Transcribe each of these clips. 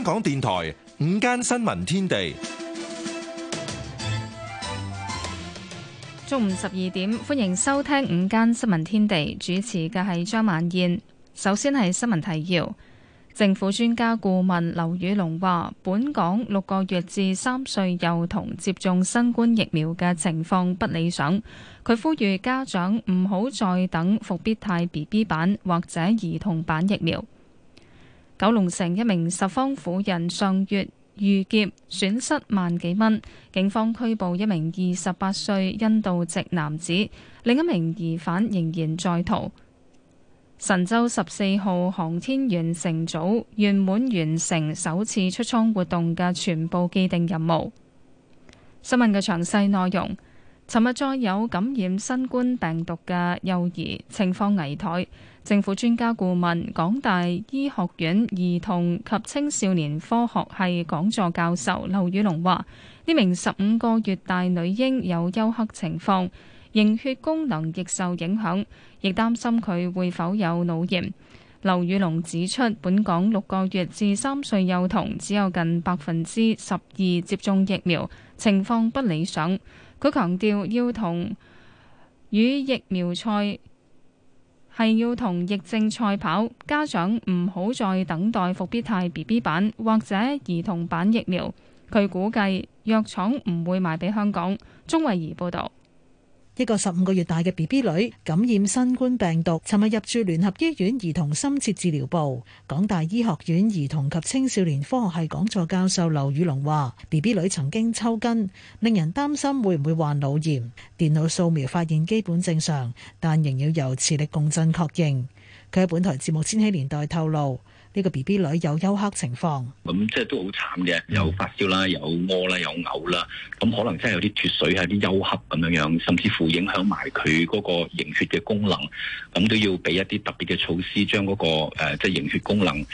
香港電台午間新聞天地，中午十二點，歡迎收聽午間新聞天地，主持嘅係張曼燕。首先係新聞提要，政府專家顧問劉宇龍話，本港六個月至三歲幼童接種新冠疫苗嘅情況不理想，佢呼籲家長唔好再等伏必泰 BB 版或者兒童版疫苗。九龍城一名拾荒婦人上月遇劫，損失萬幾蚊。警方拘捕一名二十八歲印度籍男子，另一名疑犯仍然在逃。神舟十四號航天員乘組圓滿完成首次出艙活動嘅全部既定任務。新聞嘅詳細內容。尋日再有感染新冠病毒嘅幼兒情況危殆，政府專家顧問、港大醫學院兒童及青少年科學系講座教授劉宇隆話：呢名十五個月大女嬰有休克情況，凝血功能亦受影響，亦擔心佢會否有腦炎。劉宇隆指出，本港六個月至三歲幼童只有近百分之十二接種疫苗，情況不理想。佢強調要同與疫苗賽係要同疫症賽跑，家長唔好再等待復必泰 BB 版或者兒童版疫苗。佢估計藥廠唔會賣俾香港。鍾慧儀報導。呢個十五個月大嘅 BB 女感染新冠病毒，尋日入住聯合醫院兒童深切治療部。港大醫學院兒童及青少年科學系講座教授劉宇龍話，BB 女曾經抽筋，令人擔心會唔會患腦炎。電腦掃描發現基本正常，但仍要由磁力共振確認。佢喺本台節目《千禧年代》透露。呢個 BB 女有休克情況，咁即係都好慘嘅，有發燒啦，有屙啦，有嘔啦，咁、嗯、可能真係有啲脫水，係啲休克咁樣樣，甚至乎影響埋佢嗰個凝血嘅功能，咁、嗯、都要俾一啲特別嘅措施，將嗰、嗰個即係、呃即係、凝血功能誒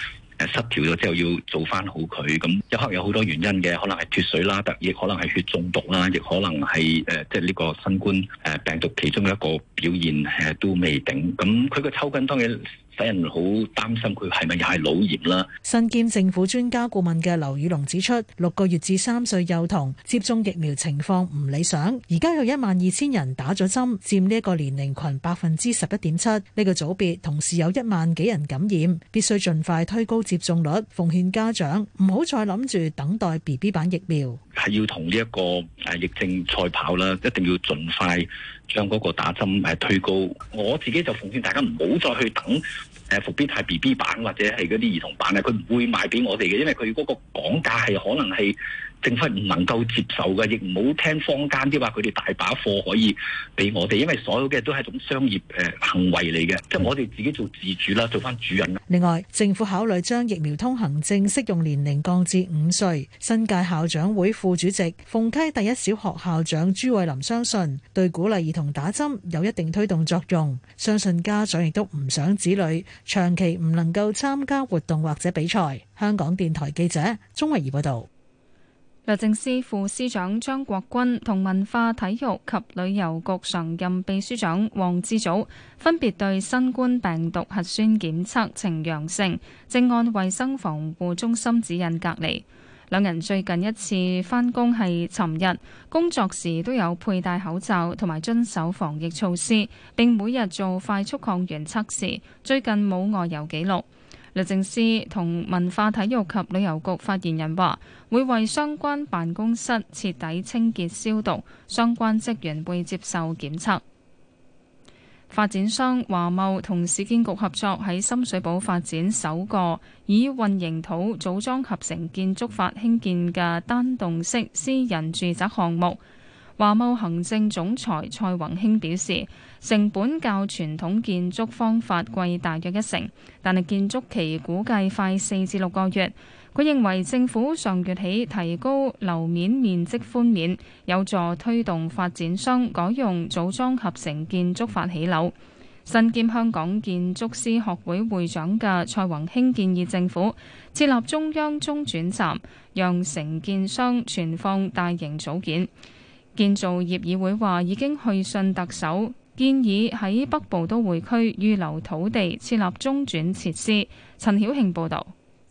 失調咗之後，要做翻好佢。咁、嗯、休克有好多原因嘅，可能係脫水啦，亦可能係血中毒啦，亦可能係誒即係呢個新冠誒病毒其中一個表現誒都未定。咁佢個抽筋當然。俾人好擔心，佢係咪又係腦炎啦？身兼政府專家顧問嘅劉宇龍指出，六個月至三歲幼童接種疫苗情況唔理想，而家有一萬二千人打咗針，佔呢一個年齡群百分之十一點七。呢個組別同時有一萬幾人感染，必須盡快推高接種率，奉勸家長唔好再諗住等待 BB 版疫苗，係要同呢一個誒疫症賽跑啦，一定要盡快。將嗰個打針係推高，我自己就奉勸大家唔好再去等誒復必泰 BB 版或者係嗰啲兒童版咧，佢唔會賣俾我哋嘅，因為佢嗰個講價係可能係。政府唔能夠接受嘅，亦唔好聽坊間啲話，佢哋大把貨可以俾我哋，因為所有嘅都係一種商業誒行為嚟嘅，即係我哋自己做自主啦，做翻主人。另外，政府考慮將疫苗通行證適用年齡降至五歲。新界校長會副主席鳳溪第一小學校長朱慧林相信，對鼓勵兒童打針有一定推動作用。相信家長亦都唔想子女長期唔能夠參加活動或者比賽。香港電台記者鍾慧儀報道。律政司副司長張國鈞同文化體育及旅遊局常任秘書長黃志祖分別對新冠病毒核酸檢測呈陽性，正按衛生防護中心指引隔離。兩人最近一次返工係尋日，工作時都有佩戴口罩同埋遵守防疫措施，並每日做快速抗原測試，最近冇外遊記錄。律政司同文化體育及旅遊局發言人話，會為相關辦公室徹底清潔消毒，相關職員會接受檢測。發展商華懋同市建局合作喺深水埗發展首個以混凝土組裝合成建築法興建嘅單棟式私人住宅項目。華茂行政總裁蔡宏興表示，成本較傳統建築方法貴大約一成，但係建築期估計快四至六個月。佢認為政府上月起提高樓面面積寬免，有助推動發展商改用組裝合成建築法起樓。身兼香港建築師學會會長嘅蔡宏興建議政府設立中央中轉站，讓承建商存放大型組件。建造業議會話已經去信特首，建議喺北部都會區預留土地設立中轉設施。陳曉慶報導。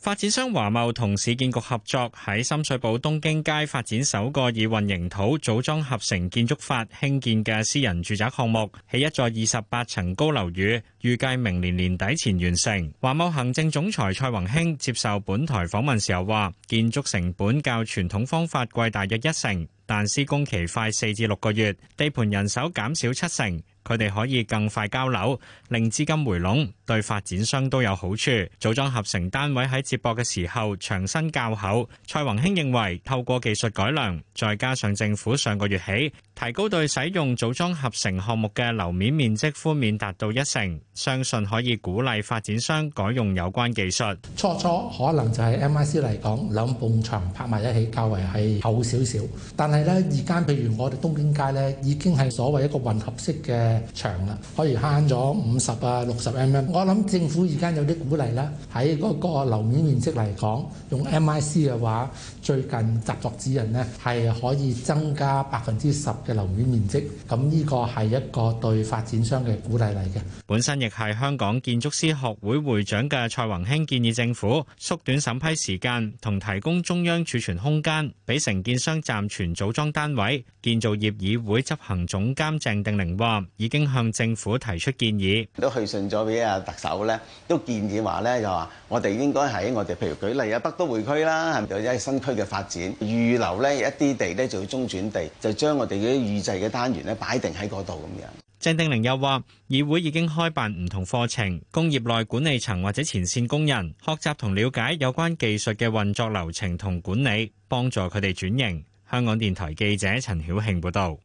發展商華懋同市建局合作喺深水埗東京街發展首個以混凝土組裝合成建築法興建嘅私人住宅項目，係一座二十八層高樓宇，預計明年年底前完成。華懋行政總裁蔡宏興接受本台訪問時候話，建築成本較傳統方法貴大約一成，但施工期快四至六個月，地盤人手減少七成，佢哋可以更快交樓，令資金回籠。對發展商都有好處，組裝合成單位喺接駁嘅時候，牆身較厚。蔡宏興認為，透過技術改良，再加上政府上個月起提高對使用組裝合成項目嘅樓面面積寬免達到一成，相信可以鼓勵發展商改用有關技術。初初可能就係 MIC 嚟講，兩半牆拍埋一起較為係厚少少，但係呢，而家譬如我哋東京街呢，已經係所謂一個混合式嘅牆啦，可以慳咗五十啊六十 mm。我諗政府而家有啲鼓勵啦，喺嗰個樓面面積嚟講，用 M I C 嘅話，最近集作指引咧係可以增加百分之十嘅樓面面積，咁、這、呢個係一個對發展商嘅鼓勵嚟嘅。本身亦係香港建築師學會會，會長嘅蔡宏興建議政府縮短審批時間同提供中央儲存空間，俾承建商暫存組裝單位。建造業議會執行總監鄭定玲話，已經向政府提出建議，都去信咗俾啊。特首咧都建議話咧就話我哋應該喺我哋譬如舉例啊北都會區啦，係咪就新區嘅發展預留咧一啲地咧做中轉地，就將我哋嘅預製嘅單元咧擺定喺嗰度咁樣。鄭定玲又話：議會已經開辦唔同課程，工業內管理層或者前線工人學習同了解有關技術嘅運作流程同管理，幫助佢哋轉型。香港電台記者陳曉慶報道。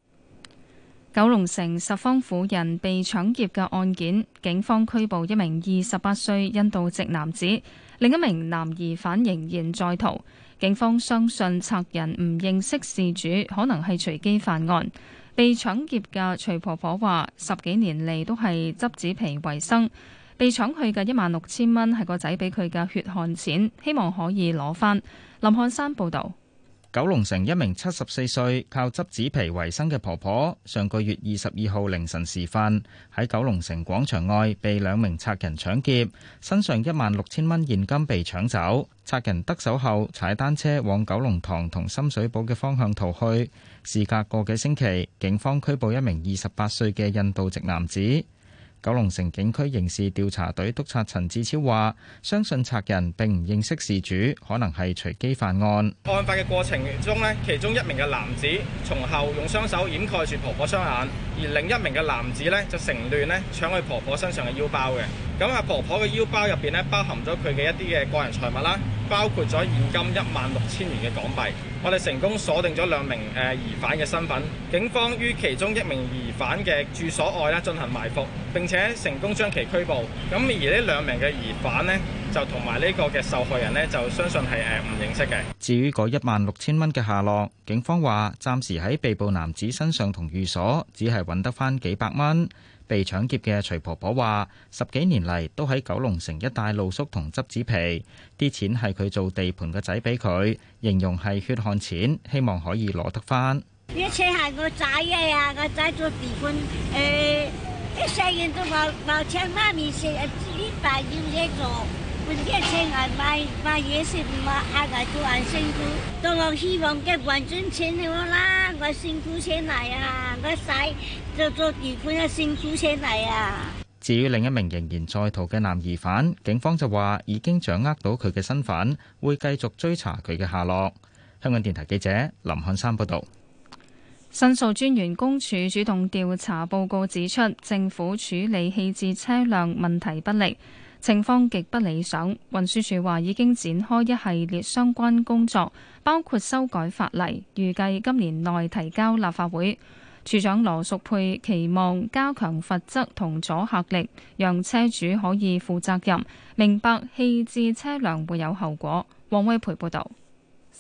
九龍城拾荒婦人被搶劫嘅案件，警方拘捕一名二十八歲印度籍男子，另一名男疑犯仍然在逃。警方相信賊人唔認識事主，可能係隨機犯案。被搶劫嘅徐婆婆話：十幾年嚟都係執紙皮為生，被搶去嘅一萬六千蚊係個仔俾佢嘅血汗錢，希望可以攞翻。林漢山報道。九龍城一名七十四歲靠執紙皮為生嘅婆婆，上個月二十二號凌晨時分喺九龍城廣場外被兩名賊人搶劫，身上一萬六千蚊現金被搶走。賊人得手後，踩單車往九龍塘同深水埗嘅方向逃去。事隔個幾星期，警方拘捕一名二十八歲嘅印度籍男子。九龍城警區刑事調查隊督察陳志超話，相信賊人並唔認識事主，可能係隨機犯案。案發嘅過程中咧，其中一名嘅男子從後用雙手掩蓋住婆婆雙眼，而另一名嘅男子咧就成亂咧搶去婆婆身上嘅腰包嘅。咁阿婆婆嘅腰包入邊咧包含咗佢嘅一啲嘅個人財物啦，包括咗現金一萬六千元嘅港幣。我哋成功鎖定咗兩名誒疑犯嘅身份，警方於其中一名疑犯嘅住所外咧，進行埋伏，並且成功將其拘捕。咁而呢兩名嘅疑犯呢，就同埋呢個嘅受害人呢，就相信係誒唔認識嘅。至於嗰一萬六千蚊嘅下落，警方話暫時喺被捕男子身上同寓所，只係揾得翻幾百蚊。被搶劫嘅徐婆婆話：十幾年嚟都喺九龍城一帶露宿同執紙皮，啲錢係佢做地盤嘅仔俾佢，形容係血汗錢，希望可以攞得返。啲錢係我仔呀、啊，我仔做地盤誒，啲、呃、生都冇冇錢媽咪先至於另一名仍然在逃嘅男疑犯，警方就話已經掌握到佢嘅身份，會繼續追查佢嘅下落。香港電台記者林漢山報道。申訴專員公署主動調查報告指出，政府處理棄置車輛問題不力。情況極不理想，運輸署話已經展開一系列相關工作，包括修改法例，預計今年內提交立法會。署長羅淑佩期望加強罰則同阻嚇力，讓車主可以負責任，明白棄置車輛會有後果。王威培報導。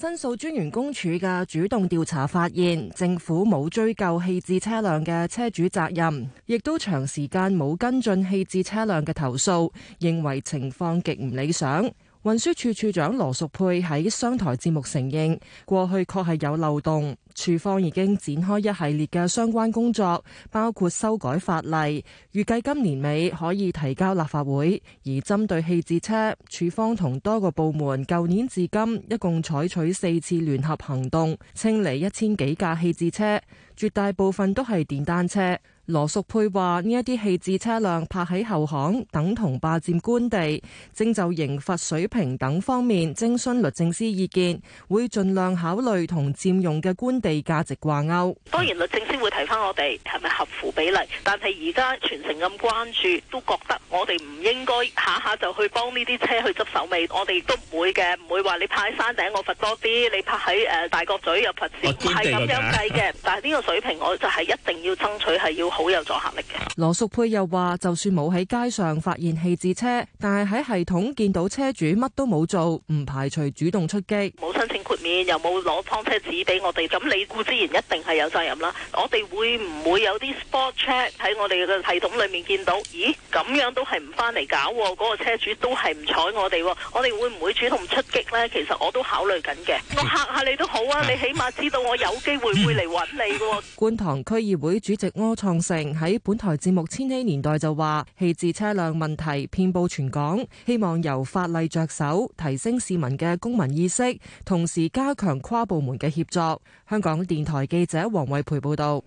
申訴專員公署嘅主動調查發現，政府冇追究棄置車輛嘅車主責任，亦都長時間冇跟進棄置車輛嘅投訴，認為情況極唔理想。運輸處處長羅淑佩喺商台節目承認，過去確係有漏洞。署方已經展開一系列嘅相關工作，包括修改法例，預計今年尾可以提交立法會。而針對棄置車，署方同多個部門舊年至今一共採取四次聯合行動，清理一千幾架棄置車，絕大部分都係電單車。羅淑佩話：呢一啲棄置車輛泊喺後巷，等同霸占官地，正就刑罰水平等方面徵詢律政司意見，會盡量考慮同占用嘅官地價值掛鈎。當然律政司會提翻我哋係咪合乎比例，但係而家全城咁關注，都覺得我哋唔應該下下就去幫呢啲車去執手尾，我哋都唔會嘅，唔會話你泊喺山頂我罰多啲，你泊喺誒大角咀又罰少，唔係咁樣計嘅。但係呢個水平，我就係一定要爭取係要。 好有阻嚇力嘅。羅淑佩又話：就算冇喺街上發現棄置車，但係喺系統見到車主乜都冇做，唔排除主動出擊。冇申請豁免，又冇攞窗車紙俾我哋，咁你固之然一定係有責任啦。我哋會唔會有啲 spot check 喺我哋嘅系統裏面見到？咦，咁樣都係唔翻，嚟搞嗰、嗰個車主都係唔睬我哋，我哋會唔會主動出擊咧？其實我都考慮緊嘅。我吓下你都好啊，你起碼知道我有機會會嚟揾你。 觀塘區議會主席柯創成喺本台節目《千禧年代》就話棄置車輛問題遍布全港，希望由法例着手提升市民嘅公民意識，同時加強跨部門嘅協作。香港電台記者黃偉培報道，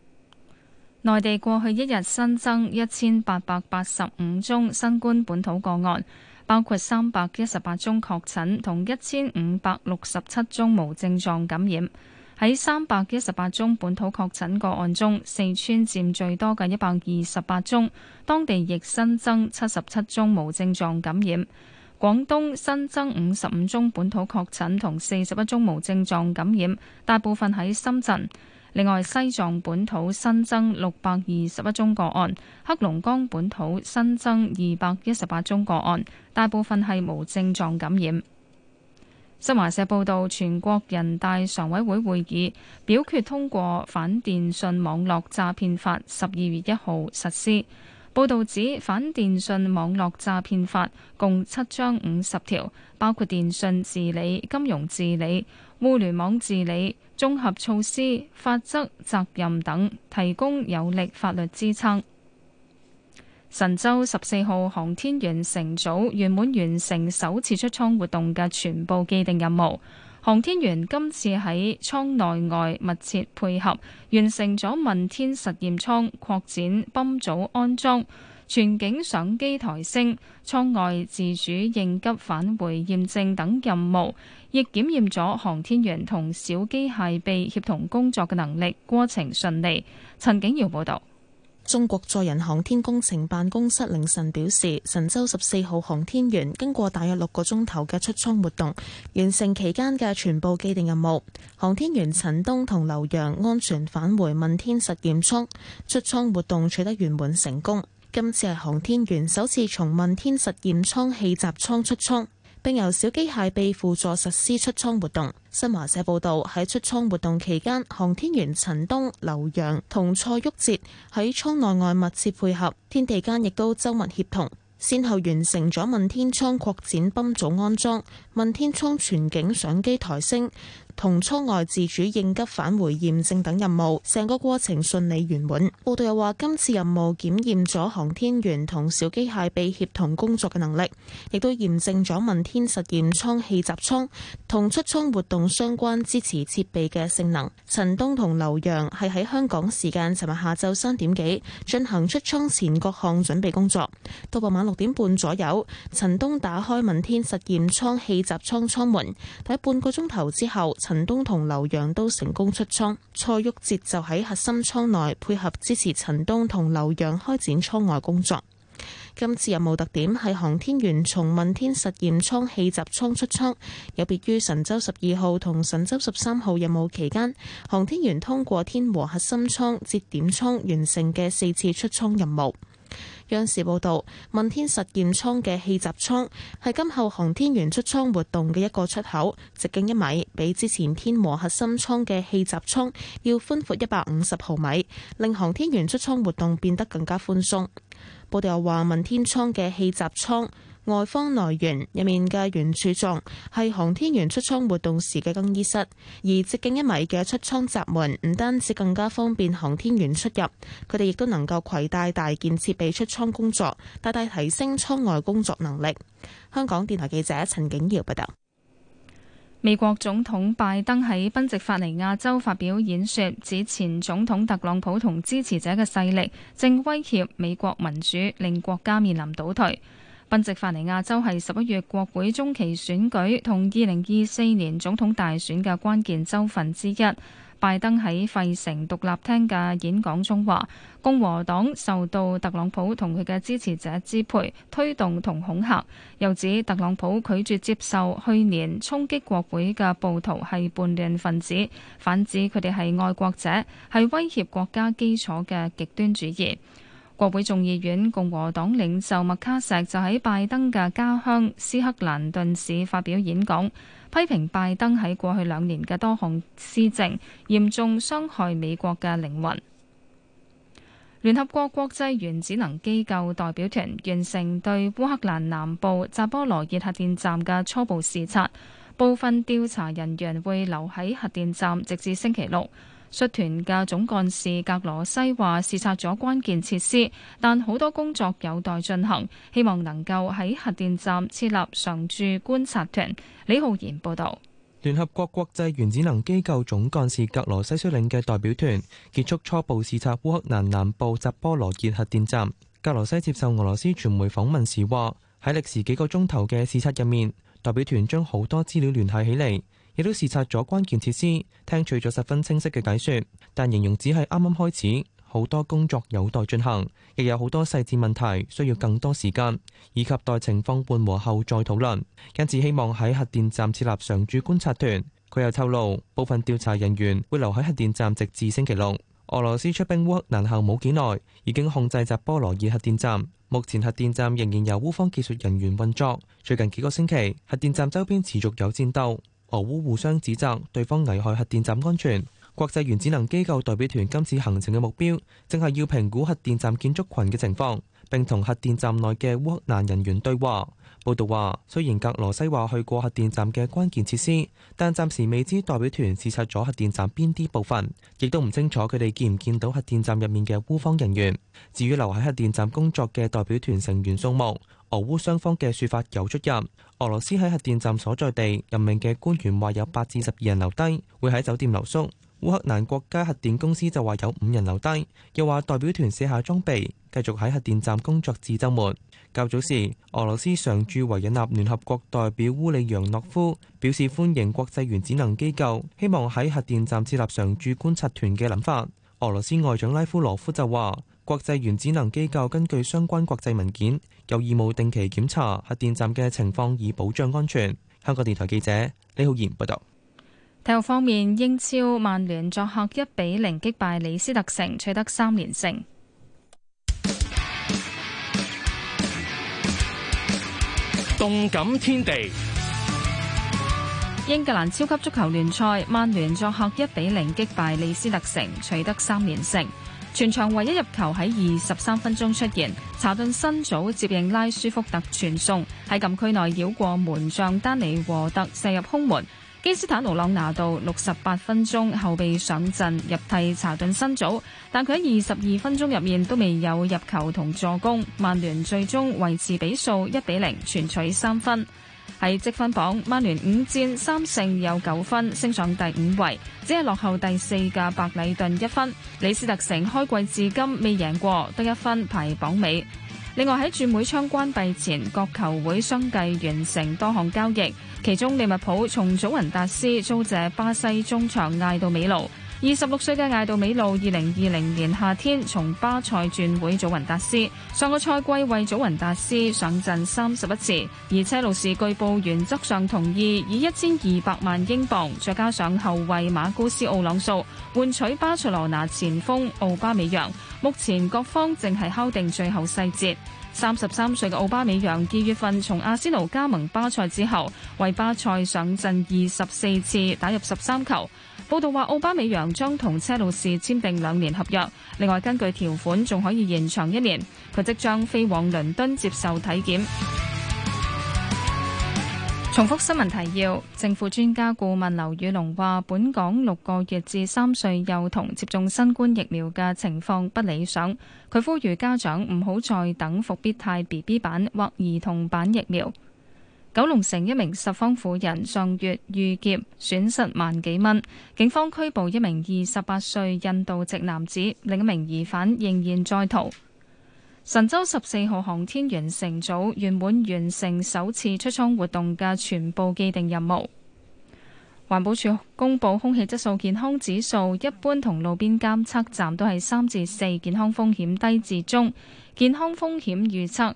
內地過去一日新增一千八百八十五宗新冠本土個案，包括三百一十八宗確診，同一千五百六十七宗無症狀感染。喺三百一十八宗本土確診個案中，四川佔最多嘅一百二十八宗，當地亦新增七十七宗無症狀感染。廣東新增五十五宗本土確診同四十一宗無症狀感染，大部分喺深圳。另外，西藏本土新增六百二十一宗個案，黑龍江本土新增二百一十八宗個案，大部分係無症狀感染。新華社報導，全國人大常委會會議表決通過《反電信網絡詐騙法》，十二月一號實施。報導指，《反電信網絡詐騙法》共七章五十條，包括電信治理、金融治理、互聯網治理、綜合措施、法則、責任等，提供有力法律支撐。神舟十四號航天員乘組圓滿完成首次出艙活動嘅全部既定任務。航天員今次喺艙內外密切配合，完成咗問天實驗艙擴展泵組安裝、全景相機抬升、艙外自主應急返回驗證等任務，亦檢驗咗航天員同小機械臂協同工作嘅能力，過程順利。陳景堯報道。中國載人航天工程辦公室凌晨表示，神舟十四號航天員經過大約六個鐘頭嘅出艙活動，完成期間嘅全部既定任務。航天員陳冬同劉洋安全返回問天實驗艙，出艙活動取得圓滿成功。今次係航天員首次從問天實驗艙氣閘艙出艙。並由小機械臂輔助實施出艙活動。新華社報導喺出艙活動期間，航天員陳冬、劉洋同蔡旭哲喺艙內外密切配合，天地間亦都周密協同，先後完成咗問天艙擴展泵組安裝、問天艙全景相機抬升，同艙外自主應急返回驗證等任務，成個過程順利圓滿。報道又話，今次任務檢驗咗航天員同小機械臂協同工作嘅能力，亦都驗證咗問天實驗艙氣閘艙同出艙活動相關支持設備嘅性能。陳冬同劉洋係喺香港時間尋日下晝三點幾進行出艙前各項準備工作。到傍晚六點半左右，陳冬打開問天實驗艙氣閘艙艙門，喺半個鐘頭之後。陳東同劉洋都成功出艙，蔡旭哲就喺核心艙內配合支持陳東同劉洋開展艙外工作。今次任務特點係航天員從問天實驗艙氣閘艙出艙，有別於神舟十二號同神舟十三號任務期間，航天員通過天和核心艙節點艙完成嘅四次出艙任務。央視報道，問天實驗艙嘅氣閘艙係今後航天員出艙活動嘅一個出口，直徑一米，比之前天和核心艙嘅氣閘艙要寬闊一百五十毫米，令航天員出艙活動變得更加寬鬆。報道又話，問天艙嘅氣閘艙。外方來源入面嘅圓柱狀係航天員出艙活動時嘅更衣室，而直徑一米嘅出艙閘門唔單止更加方便航天員出入，佢哋亦都能夠攜帶大件設備出艙工作，大大提升艙外工作能力。香港電台記者陳景耀報道，美國總統拜登喺賓夕法尼亞州發表演說，指前總統特朗普同支持者嘅勢力正威脅美國民主，令國家面臨倒退。賓夕法尼亞州係十一月國會中期選舉同二零二四年總統大選嘅關鍵州份之一。拜登喺費城獨立廳嘅演講中話：共和黨受到特朗普同佢嘅支持者支配、推動同恐嚇，又指特朗普拒絕接受去年衝擊國會嘅暴徒係叛亂分子，反指佢哋係愛國者，係威脅國家基礎嘅極端主義。國會眾議院共和黨領袖麥卡錫就喺拜登嘅家鄉斯克蘭頓市發表演講，批評拜登喺過去兩年嘅多項施政嚴重傷害美國嘅靈魂。聯合國國際原子能機構代表團完成對烏克蘭南部扎波羅熱核電站嘅初步視察，部分調查人員會留喺核電站直至星期六。率團嘅總幹事格羅西話：視察咗關鍵設施，但好多工作有待進行，希望能夠喺核電站設立常駐觀察團。李浩然報導。聯合國國際原子能機構總幹事格羅西率領嘅代表團結束初步視察烏克蘭南，南部扎波羅熱核電站。格羅西接受俄羅斯傳媒訪問時話：喺歷時幾個鐘頭嘅視察入面，代表團將好多資料聯繫起嚟。亦都視察咗關鍵設施，聽取咗十分清晰嘅解說，但形容只係啱啱開始，好多工作有待進行，亦有好多細節問題需要更多時間，以及待情況緩和後再討論。因此，希望喺核電站設立常駐觀察團。佢又透露，部分調查人員會留喺核電站，直至星期六。俄羅斯出兵烏克蘭後冇幾耐，已經控制扎波羅爾核電站。目前核電站仍然由烏方技術人員運作。最近幾個星期，核電站周邊持續有戰鬥。俄烏互相指責對方危害核電站安全。國際原子能機構代表團今次行程嘅目標，正係要評估核電站建築群嘅情況，並同核電站內嘅烏克蘭人員對話。報導話，雖然格羅西話去過核電站嘅關鍵設施，但暫時未知代表團視察咗核電站邊啲部分，亦都唔清楚佢哋見唔見到核電站入面嘅烏方人員。至於留喺核電站工作嘅代表團成員數目。俄烏雙方嘅説法有出入。俄羅斯喺核電站所在地任命嘅官員話有八至十二人留低，會喺酒店留宿。烏克蘭國家核電公司就話有五人留低，又話代表團卸下裝備，繼續喺核電站工作至周末。較早時，俄羅斯常駐維也納聯合國代表烏里揚諾夫表示歡迎國際原子能機構希望喺核電站設立常駐觀察團嘅諗法。俄羅斯外長拉夫羅夫就話。國際原子能機構根據相關國際文件，有義務定期檢查核電站嘅情況，以保障安全。香港電台記者李浩然報道。體育方面，英超曼聯作客一比零擊敗李斯特城，取得三連勝。動感天地，英格蘭超級足球聯賽，曼聯作客一比零擊敗李斯特城，取得三連勝。全場唯一入球喺二十三分鐘出現，查頓新組接應拉舒福特傳送，喺禁區內繞過門將丹尼和特射入空門，基斯坦奴朗拿度六十八分鐘後備上陣入替查頓新組，但佢喺二十二分鐘入面都未有入球同助攻。曼聯最終維持比數一比零，全取三分。喺積分榜，曼聯五戰三勝有九分，升上第五位，只係落後第四嘅白禮頓一分。李斯特城開季至今未贏過，得一分排榜尾。另外喺轉會窗關閉前，各球會相繼完成多項交易，其中利物浦從祖雲達斯租借巴西中場艾杜美奴。二十六歲嘅艾杜美路，二零二零年夏天從巴塞轉會祖雲達斯。上個賽季為祖雲達斯上陣三十一次，而車路士據報原則上同意以一千二百萬英鎊，再加上後衛馬高斯奧朗素，換取巴塞羅那前鋒奧巴美揚。目前各方正係敲定最後細節。三十三歲嘅奧巴美揚二月份從阿仙奴加盟巴塞之後，為巴塞上陣二十四次，打入十三球。報道話，奧巴美揚將同車路士簽訂兩年合約，另外根據條款仲可以延長一年。佢即將飛往倫敦接受體檢。重複新聞提要：政府專家顧問劉宇龍話，本港六個月至三歲幼童接種新冠疫苗嘅情況不理想，佢呼籲家長唔好再等復必泰 BB 版或兒童版疫苗。九龍城一名拾荒婦人上月遇劫，損失萬幾蚊。警方拘捕一名二十八歲印度籍男子，另一名疑犯仍然在逃。神舟十四號航天員乘組圓滿完成首次出艙活動嘅全部既定任務。環保署公布空氣質素健康指數，一般同路邊監測站都係三至四，健康風險低至中，健康風險預測。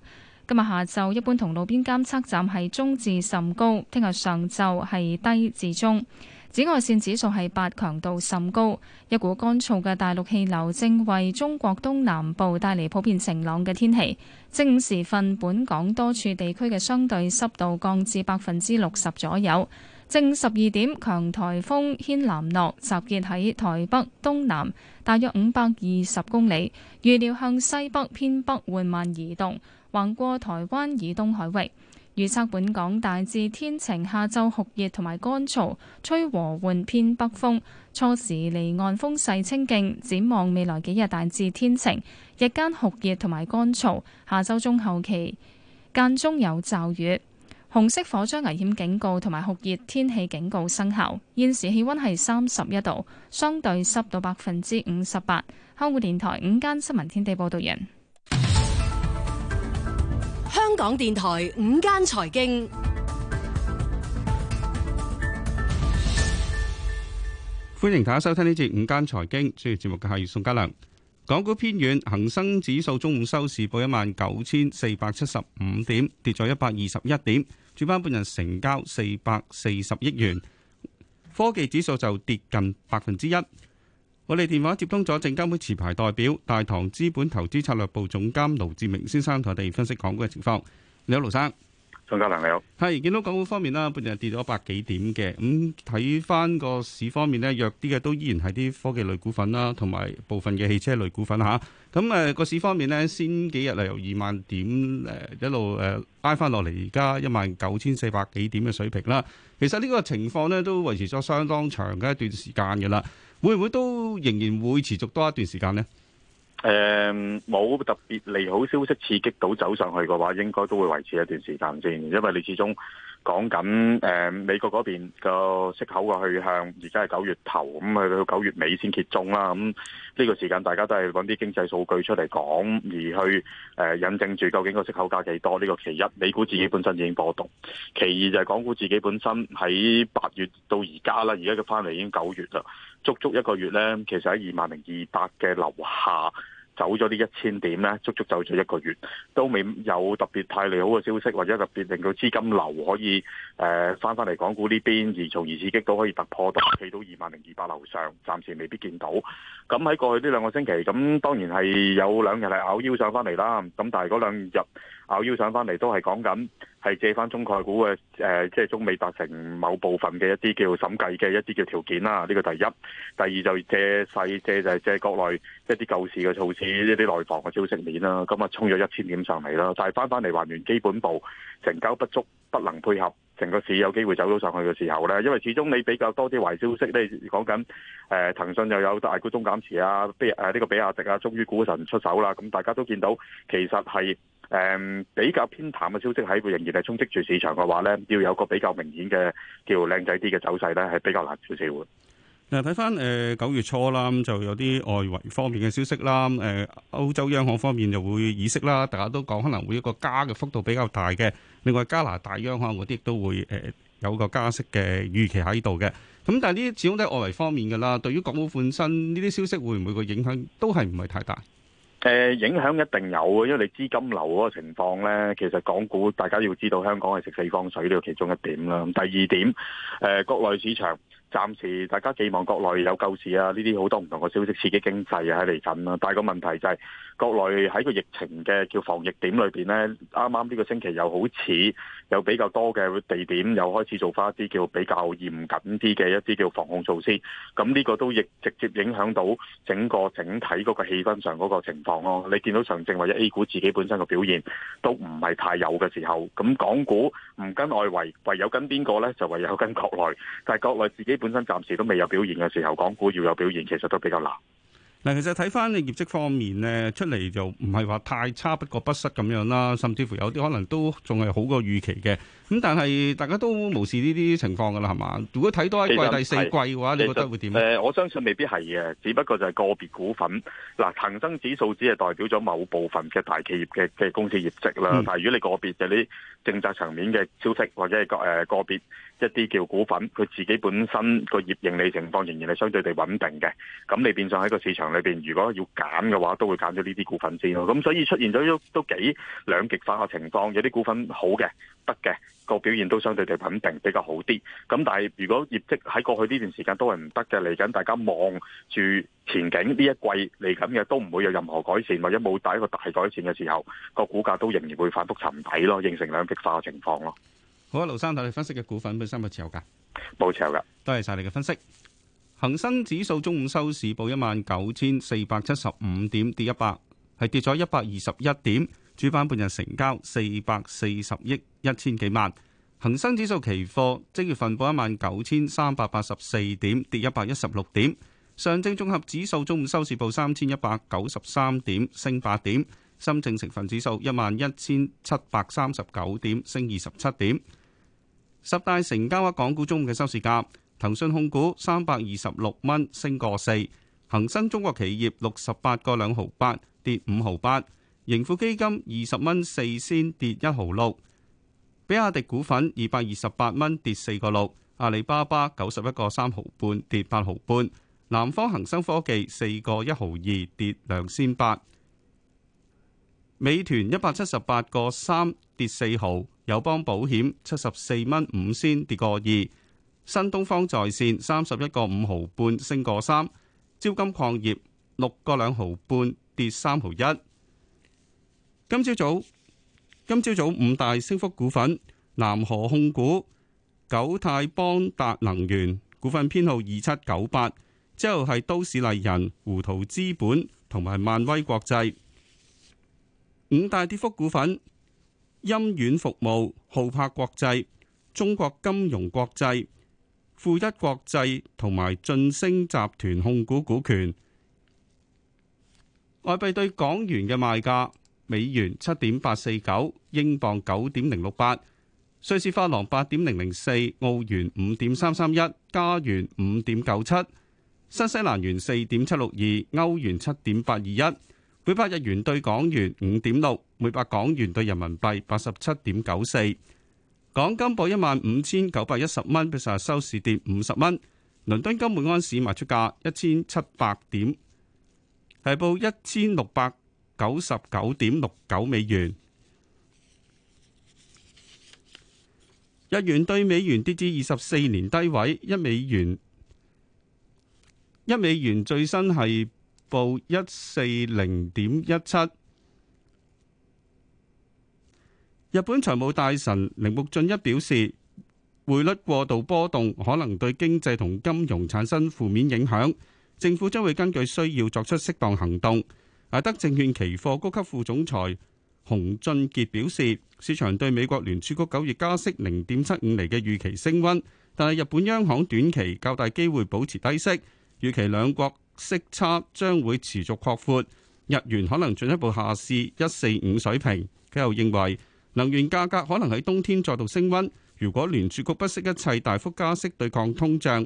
今日下晝一般同路邊監測站係中至甚高，聽日上晝係低至中。紫外線指數係八，強度甚高。一股乾燥嘅大陸氣流正為中國東南部帶嚟普遍晴朗嘅天氣，正午時分，本港多處地區嘅相對濕度降至百分之六十左右。正十二點，強台風軒嵐諾集結喺台北東南，大約五百二十公里，預料向西北偏北緩慢移動。橫過台灣以東海域，預測本港大致天晴，下晝酷熱同埋乾燥，吹和緩偏北風，初時離岸風勢清勁。展望未來幾日大致天晴，日間酷熱同埋乾燥，下周中後期間中有驟雨。紅色火災危險警告同埋酷熱天氣警告生效。現時氣溫係三十一度，相對濕度百分之五十八。香港電台午間新聞天地報道完。香港電台午間財經，歡迎大家收聽呢節午間財經。主要節目嘅係宋家良。港股偏軟，恒生指數中午收市報一萬九千四百七十五點，跌咗一百二十一點，主板半日成交四百四十億元。科技指數就跌近百分之一。我哋電話接通咗證監會持牌代表大堂資本投資策略部總監盧志明先生，同我哋分析港股嘅情況。你好，盧生。宋家良你好。係見到港股方面啦，本日跌咗百幾點嘅，咁睇翻個市方面呢，弱啲嘅都依然係啲科技類股份啦，同埋部分嘅汽車類股份吓。咁、啊、誒，個、啊、市方面呢，先幾日係由二萬點誒一路誒拉翻落嚟，而家一萬九千四百幾點嘅水平啦。其實呢個情況呢，都維持咗相當長嘅一段時間噶啦。會唔會都仍然會持續多一段時間呢？誒、嗯，冇特別利好消息刺激到走上去嘅話，應該都會維持一段時間先，因為你始終。講緊誒美國嗰邊、嗯嗯這個呃、個息口嘅去向，而家係九月頭，咁去到九月尾先揭盅啦。咁呢個時間大家都係揾啲經濟數據出嚟講，而去誒引證住究竟個息口價幾多。呢個其一，美股自己本身已經波動；其二就係港股自己本身喺八月到而家啦，而家佢翻嚟已經九月啦，足足一個月呢，其實喺二萬零二百嘅樓下。走咗呢一千點咧，足足走咗一個月，都未有特別太利好嘅消息，或者特別令到資金流可以誒翻翻嚟港股呢邊，而從而刺激到可以突破到企到二萬零二百樓上，暫時未必見到。咁喺過去呢兩個星期，咁當然係有兩日係拗腰上翻嚟啦，咁但係嗰兩日。拗腰上翻嚟都係講緊係借翻中概股嘅誒，即、呃、係、就是、中美達成某部分嘅一啲叫審計嘅一啲叫條件啦。呢、這個第一，第二就借勢借就係借國內一啲救市嘅措施，一啲內房嘅消息面啦。咁啊，衝咗一千點上嚟啦，但係翻翻嚟還原基本步，成交不足，不能配合成個市有機會走咗上去嘅時候咧，因為始終你比較多啲壞消息咧，講緊誒騰訊又有大股東減持啊，比誒呢、呃這個比亞迪啊，終於股神出手啦。咁大家都見到其實係。誒、嗯、比較偏淡嘅消息喺佢仍然係充斥住市場嘅話咧，要有個比較明顯嘅叫靚仔啲嘅走勢咧，係比較難少少嘅。嗱，睇翻誒九月初啦，咁就有啲外圍方面嘅消息啦。誒、呃，歐洲央行方面就會意識會議息啦，大家都講可能會一個加嘅幅度比較大嘅。另外加拿大央行嗰啲都會誒有個加息嘅預期喺度嘅。咁但係呢，啲始終都係外圍方面嘅啦。對於港股本身，呢啲消息會唔會個影響都係唔係太大？誒影響一定有，因為你資金流嗰個情況呢，其實港股大家要知道香港係食四方水呢個其中一點啦。第二點，誒、呃、國內市場。暫時大家寄望國內有救市啊，呢啲好多唔同嘅消息刺激經濟喺嚟緊啊，但係個問題就係國內喺個疫情嘅叫防疫點裏邊呢，啱啱呢個星期又好似有比較多嘅地點又開始做翻一啲叫比較嚴謹啲嘅一啲叫防控措施。咁呢個都亦直接影響到整個整體嗰個氣氛上嗰個情況咯。你見到上證或者 A 股自己本身嘅表現都唔係太有嘅時候，咁港股唔跟外圍，唯有跟邊個呢？就唯有跟國內，但係國內自己。本身暫時都未有表現嘅時候，港股要有表現，其實都比較難。嗱，其實睇返你業績方面咧，出嚟就唔係話太差，不過不失咁樣啦。甚至乎有啲可能都仲係好過預期嘅。咁但係大家都無視呢啲情況噶啦，係嘛？如果睇多一季實第四季嘅話，實你覺得會點咧？誒、呃，我相信未必係嘅，只不過就係個別股份。嗱、啊，恒生指數只係代表咗某部分嘅大企業嘅嘅公司業績啦。但係如果你個別嘅啲、就是、政策層面嘅消息，或者係個誒個別一啲叫股份，佢自己本身個業盈利情況仍然係相對地穩定嘅。咁你變相喺個市場裏邊，如果要減嘅話，都會減咗呢啲股份先咯。咁所以出現咗都都幾兩極化嘅情況，有啲股份好嘅，得嘅。個表現都相對地穩定比較好啲，咁但係如果業績喺過去呢段時間都係唔得嘅，嚟緊大家望住前景呢一季嚟緊嘅都唔會有任何改善或者冇第一個大改善嘅時候，個股價都仍然會反復沉底咯，形成兩極化嘅情況咯。好啊，盧生，同你，你分析嘅股份本身有冇持有噶？冇持有噶。多謝晒你嘅分析。恆生指數中午收市報一萬九千四百七十五點，跌一百，係跌咗一百二十一點。主板半日成交四百四十億一千幾萬，恒生指數期貨即月份報一萬九千三百八十四點，跌一百一十六點。上證綜合指數中午收市報三千一百九十三點，升八點。深證成分指數一萬一千七百三十九點，升二十七點。十大成交額港股中午嘅收市價，騰訊控股三百二十六蚊，升個四。恒生中國企業六十八個兩毫八，跌五毫八。盈富基金二十蚊四仙跌一毫六，比亞迪股份二百二十八蚊跌四個六，阿里巴巴九十一個三毫半跌八毫半，南方恒生科技四個一毫二跌兩仙八，美團一百七十八個三跌四毫，友邦保險七十四蚊五仙跌個二，新東方在線三十一個五毫半升個三，招金礦業六個兩毫半跌三毫一。今朝早,早，今朝早,早五大升幅股份：南河控股、九泰邦達能源股份編號二七九八，之後係都市麗人、胡桃資本同埋萬威國際。五大跌幅股份：鑫苑服務、浩柏國際、中國金融國際、富一國際同埋晉升集團控股股權。外幣對港元嘅賣價。美元七點八四九，英鎊九點零六八，瑞士法郎八點零零四，澳元五點三三一，加元五點九七，新西蘭元四點七六二，歐元七點八二一，每百日元對港元五點六，每百港元對人民幣八十七點九四。港金報一萬五千九百一十蚊，比上日收市跌五十蚊。倫敦金每安士賣出價一千七百點，係報一千六百。九十九點六九美元，日元對美元跌至二十四年低位，一美元一美元最新係報一四零點一七。日本財務大臣鈴木俊一表示，匯率過度波動可能對經濟同金融產生負面影響，政府將會根據需要作出適當行動。艾德證券期貨高級副總裁洪俊傑表示，市場對美國聯儲局九月加息零點七五厘嘅預期升溫，但係日本央行短期較大機會保持低息，預期兩國息差將會持續擴闊，日元可能進一步下試一四五水平。佢又認為，能源價格可能喺冬天再度升溫，如果聯儲局不惜一切大幅加息對抗通脹。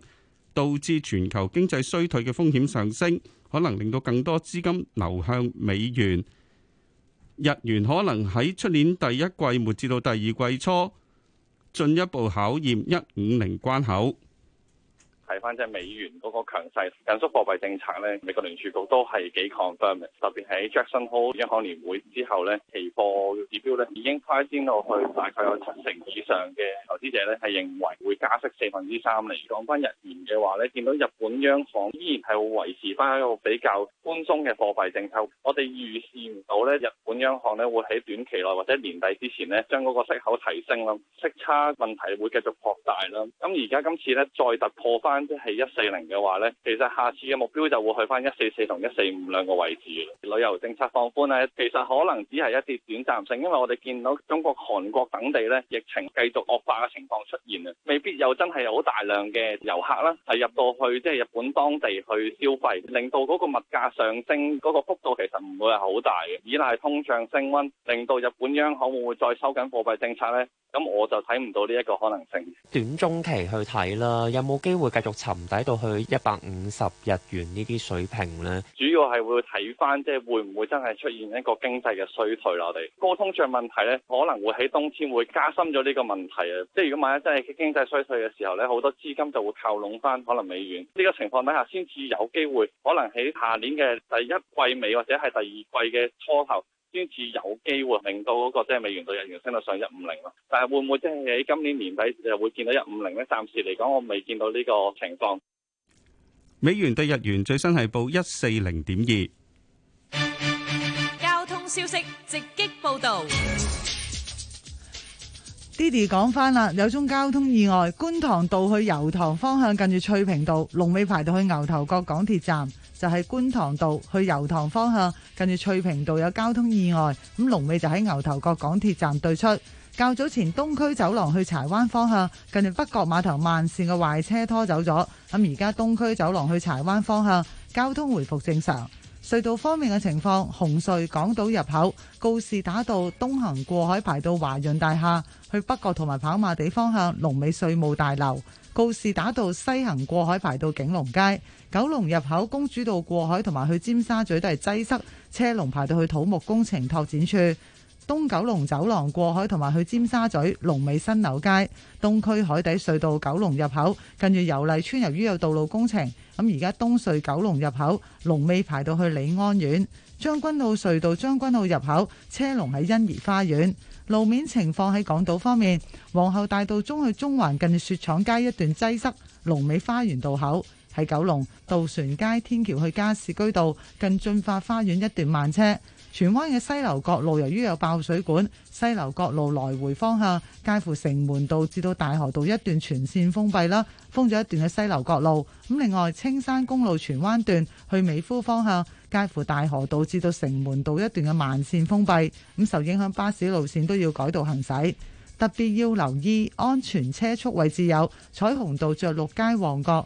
導致全球經濟衰退嘅風險上升，可能令到更多資金流向美元。日元可能喺出年第一季末至到第二季初進一步考驗一五零關口。睇翻即係美元嗰個強勢，緊縮貨幣政策咧，美國聯儲局都係幾 confirm 嘅。特別喺 Jackson Hole 央行年會之後咧，期貨指標咧已經攀升到去大概有七成以上嘅投資者咧係認為會加息四分之三厘。講翻日元嘅話咧，見到日本央行依然係會維持翻一個比較寬鬆嘅貨幣政策。我哋預視唔到咧，日本央行咧會喺短期內或者年底之前咧將嗰個息口提升啦，息差問題會繼續擴大啦。咁而家今次咧再突破翻。即係一四零嘅話呢，其實下次嘅目標就會去翻一四四同一四五兩個位置。旅遊政策放寬呢，其實可能只係一啲短暫性，因為我哋見到中國、韓國等地呢，疫情繼續惡化嘅情況出現啊，未必有真係好大量嘅遊客啦，係入到去即係日本當地去消費，令到嗰個物價上升嗰個幅度其實唔會係好大嘅。以賴通脹升溫，令到日本央行會唔會再收緊貨幣政策呢？咁我就睇唔到呢一個可能性。短中期去睇啦，有冇機會繼續？沉底到去一百五十日元呢啲水平咧，主要係會睇翻即係會唔會真係出現一個經濟嘅衰退啦。我哋個通脹問題咧，可能會喺冬天會加深咗呢個問題啊。即係如果萬一真係經濟衰退嘅時候咧，好多資金就會靠攏翻可能美元呢個情況底下，先至有機會可能喺下年嘅第一季尾或者係第二季嘅初頭。先至有機會令到嗰、那個即係、就是、美元對日元升到上一五零咯，但係會唔會即係喺今年年底就會見到一五零呢？暫時嚟講，我未見到呢個情況。美元對日元最新係報一四零點二。交通消息直擊報道 Diddy 講翻啦，有宗交通意外，觀塘道去油塘方向近住翠屏道龍尾排到去牛頭角港鐵站。就係觀塘道去油塘方向，近住翠屏道有交通意外，咁龍尾就喺牛頭角港鐵站對出。較早前東區走廊去柴灣方向，近住北角碼頭慢線嘅壞車拖走咗，咁而家東區走廊去柴灣方向交通回復正常。隧道方面嘅情況，紅隧港島入口，告士打道東行過海排到華潤大廈，去北角同埋跑馬地方向龍尾，稅務大樓，告士打道西行過海排到景隆街。九龍入口，公主道過海同埋去尖沙咀都係擠塞車龍，排到去土木工程拓展處，東九龍走廊過海同埋去尖沙咀龍尾新樓街。東區海底隧道九龍入口近住油麗村，由於有道路工程，咁而家東隧九龍入口龍尾排到去李安苑。將軍澳隧道將軍澳入口車龍喺欣怡花園。路面情況，喺港島方面，皇后大道中去中環近雪廠街一段擠塞龍尾花園道口。喺九龍渡船街天橋去加士居道近駿發花園一段慢車，荃灣嘅西樓角路由於有爆水管，西樓角路來回方向介乎城門道至到大河道一段全綫封閉啦，封咗一段嘅西樓角路。咁另外青山公路荃灣段去美孚方向介乎大河道至到城門道一段嘅慢綫封閉，咁受影響巴士路綫都要改道行駛。特別要留意安全車速位置有彩虹道、着陸街、旺角。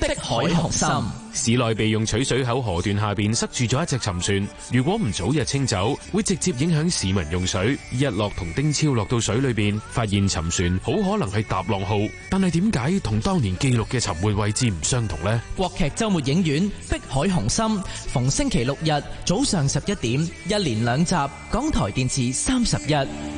碧海雄心，市內備用取水口河段下邊塞住咗一隻沉船。如果唔早日清走，會直接影響市民用水。日落同丁超落到水裏邊，發現沉船好可能係踏浪號。但係點解同當年記錄嘅沉沒位置唔相同呢？國劇周末影院《碧海雄心》，逢星期六日早上十一點，一連兩集。港台電視三十一。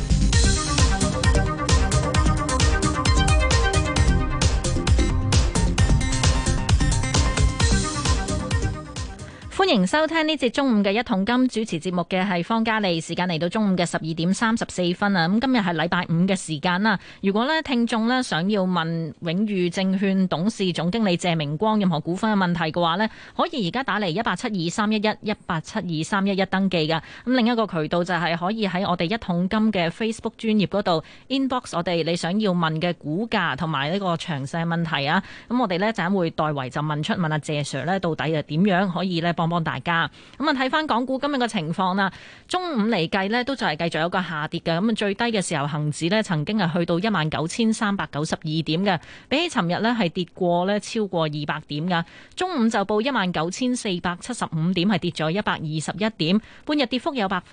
歡迎收聽呢節中午嘅一桶金，主持節目嘅係方嘉莉，時間嚟到中午嘅十二點三十四分啊！咁今日係禮拜五嘅時間啦。如果呢，聽眾呢，想要問永裕證券董事總經理謝明光任何股份嘅問題嘅話呢，可以而家打嚟一八七二三一一一八七二三一一登記噶。咁另一個渠道就係可以喺我哋一桶金嘅 Facebook 專業嗰度 inbox 我哋你想要問嘅股價同埋呢個詳細問題啊。咁我哋呢，就等會代為就問出問阿謝 Sir 呢，到底係點樣可以咧幫幫。大家咁啊，睇翻港股今日嘅情況啦。中午嚟計咧，都就係繼續有個下跌嘅。咁啊，最低嘅時候，恒指咧曾經係去到一萬九千三百九十二點嘅，比起尋日咧係跌過咧超過二百點嘅。中午就報一萬九千四百七十五點，係跌咗一百二十一點，半日跌幅有百分。